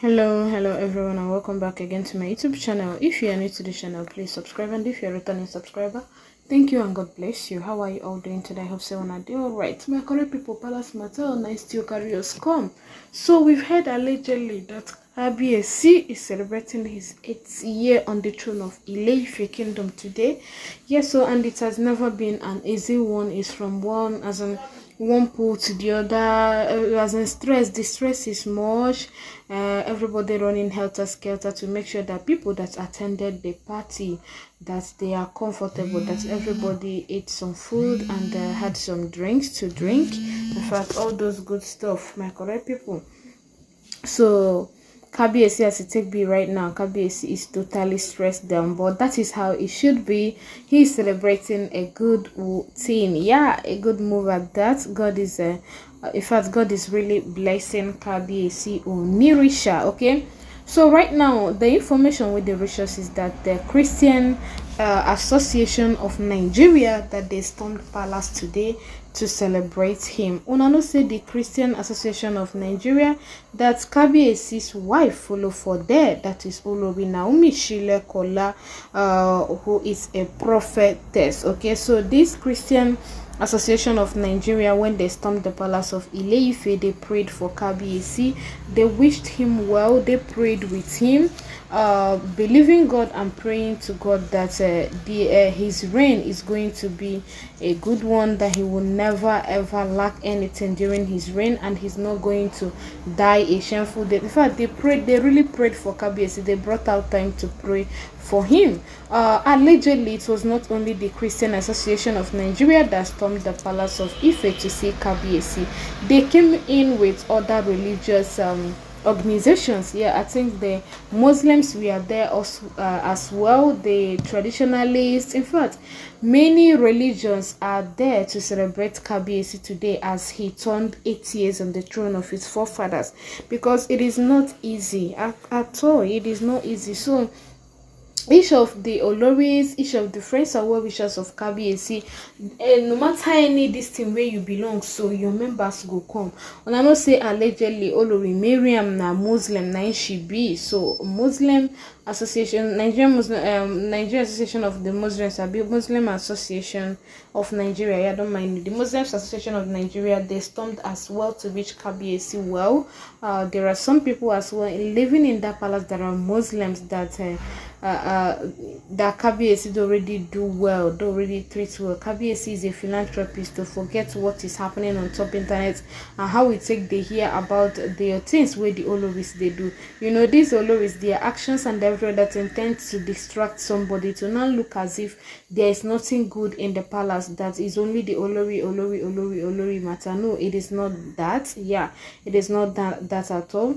hello hello everyone and welcome back again to my youtube channel if you are new to the channel please subscribe and if you're a returning subscriber thank you and god bless you how are you all doing today i hope so and i do all right my current people palace matter nice to us. come so we've heard allegedly that RBSC is celebrating his eighth year on the throne of ileife kingdom today yes so and it has never been an easy one it's from one as an one pool to the other It uh, as in stress the stress is much uh, everybody running helter skelter to make sure that people that attended the party that they are comfortable that everybody ate some food and uh, had some drinks to drink in fact all those good stuff my correct people so Kabiesi as it take be right now, Kabiesi is totally stressed down, but that is how it should be. He is celebrating a good thing. Yeah, a good move at that. God is, uh, uh in fact, God is really blessing or Onirisha, okay? So right now, the information with the Rishas is that the Christian uh, Association of Nigeria that they stormed palace today to celebrate him. Unano said the Christian Association of Nigeria that Kabiesi's wife follow for there, that is Olori Naomi Shile Kola, uh, who is a prophetess. Okay, so this Christian Association of Nigeria, when they stormed the palace of Ileife, they prayed for Kabiesi. They wished him well. They prayed with him uh, believing God and praying to God that uh, the, uh, His reign is going to be a good one, that He will never ever lack anything during His reign, and He's not going to die a shameful death. In fact, they prayed, they really prayed for Kabiesi, they brought out time to pray for him. Uh, allegedly, it was not only the Christian Association of Nigeria that stormed the palace of Ife to see Kabiesi, they came in with other religious. Um, organizations yeah i think the muslims we are there also uh, as well the traditionalists in fact many religions are there to celebrate kabiesi today as he turned 80 years on the throne of his forefathers because it is not easy at, at all it is not easy so each of the oloris each of the friends and well wishers of kabiyesi uh, no matter any this thing wey you belong so your members go come una know say allegedly olori mariam na muslim na im she be so muslim Association Nigerian Muslim um, Nigerian Association of the Muslims Abi Muslim Association of Nigeria. Yeah, I don't mind the Muslim Association of Nigeria. They stormed as well to reach KBAC. Well, uh, there are some people as well living in that palace that are Muslims that. Uh, uh, uh that KBAC already do well, Do already treat well. KBAC is a philanthropist to forget what is happening on top internet and how we take the hear about the things where the Oloris they do. You know, these Oloris, their actions and everything that intends to distract somebody to not look as if there is nothing good in the palace that is only the olori olori olori olori matter no it is not that yeah it is not that that at all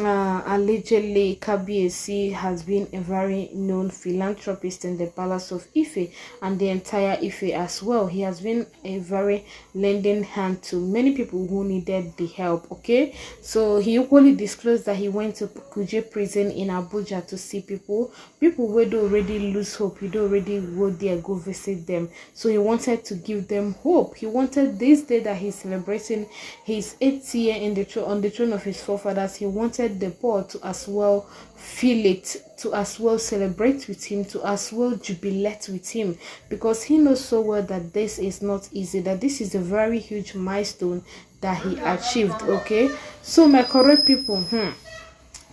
uh, allegedly Kabiesi has been a very known philanthropist in the palace of Ife and the entire Ife as well. He has been a very lending hand to many people who needed the help. Okay, so he equally disclosed that he went to Kuje prison in Abuja to see people. People would already lose hope, he'd already go there, go visit them. So he wanted to give them hope. He wanted this day that he's celebrating his eighth year in the on the throne of his forefathers. He wanted visited the poor to as well feel it, to as well celebrate with him, to as well jubilate with him, because he knows so well that this is not easy, that this is a very huge milestone that he achieved. Okay, so my correct people, hmm.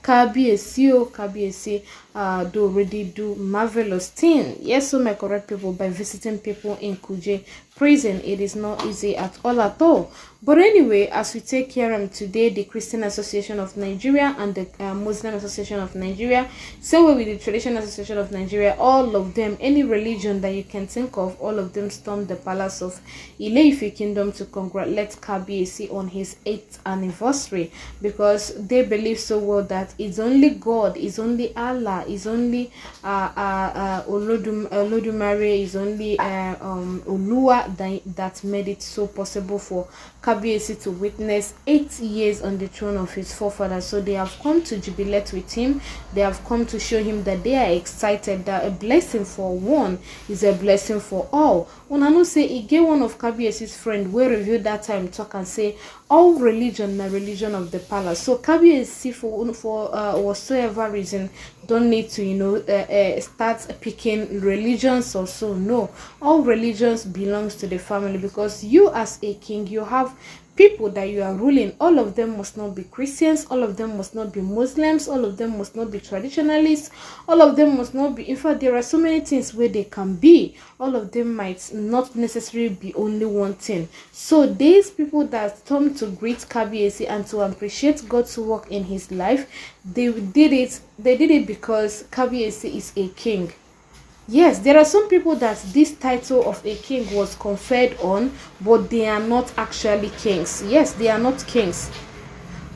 Kabiesi, oh, uh, do really do marvelous thing. Yes, so my correct people, by visiting people in Kuje prison, it is not easy at all at all. But anyway, as we take care of today, the Christian Association of Nigeria and the uh, Muslim Association of Nigeria, same way with the Traditional Association of Nigeria, all of them, any religion that you can think of, all of them stormed the palace of Ileife Kingdom to congratulate KBAC on his 8th anniversary because they believe so well that it's only God, it's only Allah, uh, is only uh, uh, uh, Olodum, Olodumare, is only uh, um, Olua that, that made it so possible for Kabiesi to witness eight years on the throne of his forefathers. So they have come to jubilate with him. They have come to show him that they are excited that a blessing for one is a blessing for all una know say e get one of Kabiya's friend wey review dat time talk and say all religion na religion of the palace so kabiyesi for for uh, whatsoever reason don need to you know uh, uh, start picking religions or so no all religions belongs to the family because you as a king you have people that you are ruling, all of them must not be Christians, all of them must not be Muslims, all of them must not be traditionalists, all of them must not be. In fact, there are so many things where they can be. All of them might not necessarily be only one thing. So, these people that come to greet KBAC and to appreciate God's work in his life, they did it. They did it because KBAC is a king Yes, there are some people that this title of a king was conferred on, but they are not actually kings. Yes, they are not kings.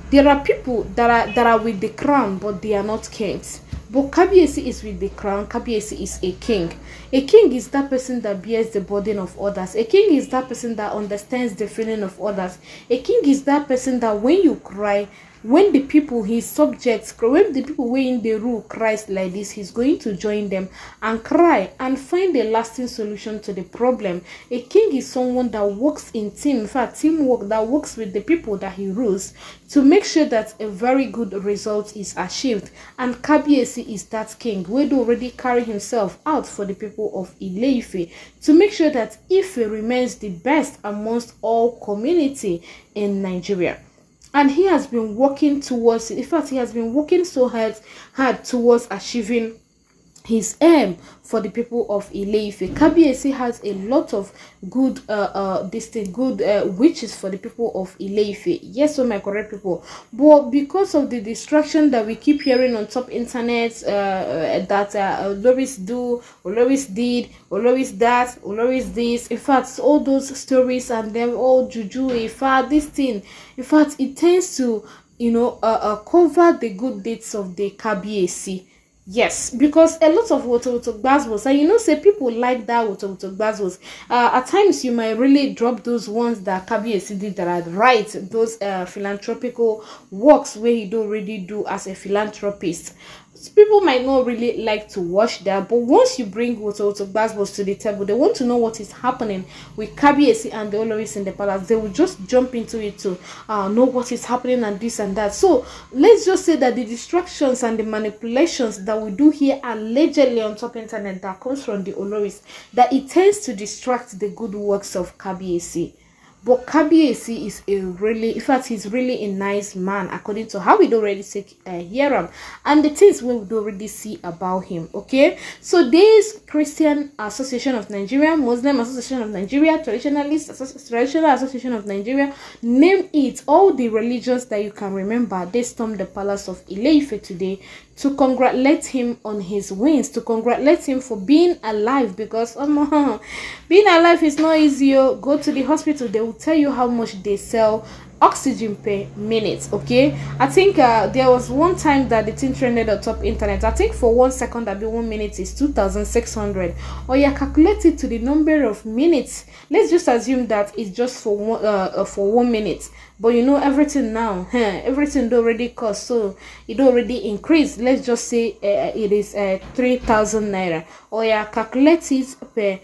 There are people that are that are with the crown, but they are not kings. But Kabiesi is with the crown. Kabiesi is a king. A king is that person that bears the burden of others. A king is that person that understands the feeling of others. A king is that person that when you cry, when the people his subjects when the people were in the rule christ like this he's going to join them and cry and find a lasting solution to the problem a king is someone that works in team in fact teamwork that works with the people that he rules to make sure that a very good result is achieved and kabiesi is that king wey already carry himself out for the people of ileife to make sure that ife remains the best amongst all community in nigeria and he has been working towards it in fact he has been working so hard hard towards achieving his aim for the people of Ileife. Kabiesi has a lot of good, uh, uh, good uh, witches for the people of Ileife. Yes, so my correct people. But because of the distraction that we keep hearing on top internet uh, uh that uh, Loris do, or Loris did, or Loris that, or Loris this. In fact, all those stories and them all juju, in fact, this thing. In fact, it tends to, you know, uh, uh cover the good deeds of the Kabiesi yes because a lot of wotowoto gbazbos and you know say people like that wotowoto gbazbos uh, at times you might really drop those ones that kabiyesi did that are right those uh, philanthropical works wey he don really do as a philanthropist people might not really like to watch that but once you bring Woto to Basbos to the table they want to know what is happening with Kabiesi and the Olores in the palace they will just jump into it to uh, know what is happening and this and that so let's just say that the distractions and the manipulations that we do here allegedly on top internet that comes from the Olores that it tends to distract the good works of Kabiesi but A C is a really, in fact, he's really a nice man, according to how we don't really see, uh, hear him and the things we don't really see about him. Okay, so this Christian Association of Nigeria, Muslim Association of Nigeria, Traditionalist Traditional Association of Nigeria, name it all the religions that you can remember. They stormed the palace of Ileife today to congratulate him on his wins to congratulate him for being alive because oh no being alive is not easy oh go to the hospital they will tell you how much they sell oxygen per minute okay i think uh, there was one time that the thing trended on top internet i think for one second that be one minute is 2600 or you calculate it to the number of minutes let's just assume that it's just for one uh, uh for one minute but you know everything now huh? everything already cost so it already increased let's just say uh, it is uh, 3000 naira or oh, you calculate it per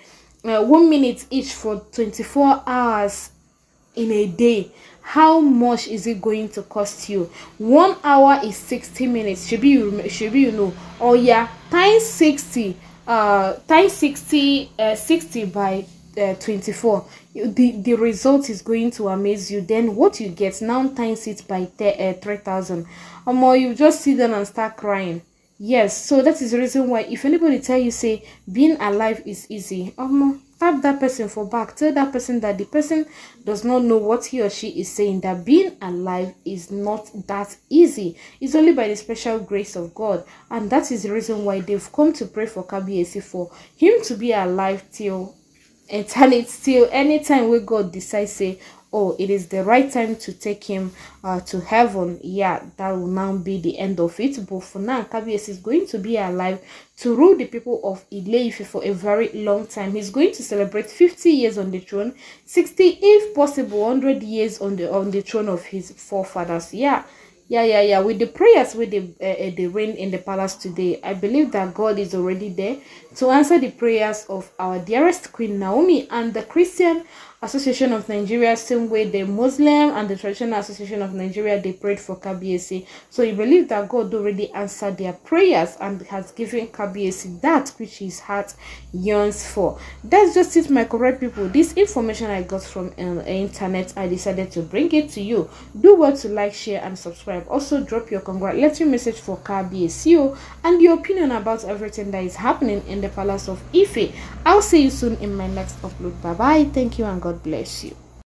uh, one minute each for 24 hours in a day how much is it going to cost you one hour is sixty minutes shebi you shebi you know oya times sixty uh times sixty uh, sixty by uh, 24 the the result is going to amaze you then what you get now times it by uh, three thousand. or more you just sit down and start crying yes so that is the reason why if anybody tell you say being alive is easy or more tap that person for back tell that person that the person does not know what he or she is saying that being alive is not that easy it's only by the special grace of god and that is the reason why they've come to pray for kbac for him to be alive till eternity till anytime where god decides say oh it is the right time to take him uh, to heaven yeah that will now be the end of it but for now kabiesi is going to be alive to rule the people of Ileife for a very long time. He's going to celebrate 50 years on the throne, 60 if possible 100 years on the on the throne of his forefathers. Yeah. Yeah, yeah, yeah. With the prayers, with the uh, uh, the rain in the palace today, I believe that God is already there to answer the prayers of our dearest Queen Naomi and the Christian Association of Nigeria, same way the Muslim and the Traditional Association of Nigeria, they prayed for KBSA. So he believed that God already answered their prayers and has given KBSA that which his heart yearns for. That's just it, my correct people. This information I got from uh, internet, I decided to bring it to you. Do well to like, share, and subscribe. Also, drop your congratulatory message for KBSU oh, and your opinion about everything that is happening in the Palace of Ife. I'll see you soon in my next upload. Bye-bye. Thank you and God God bless you.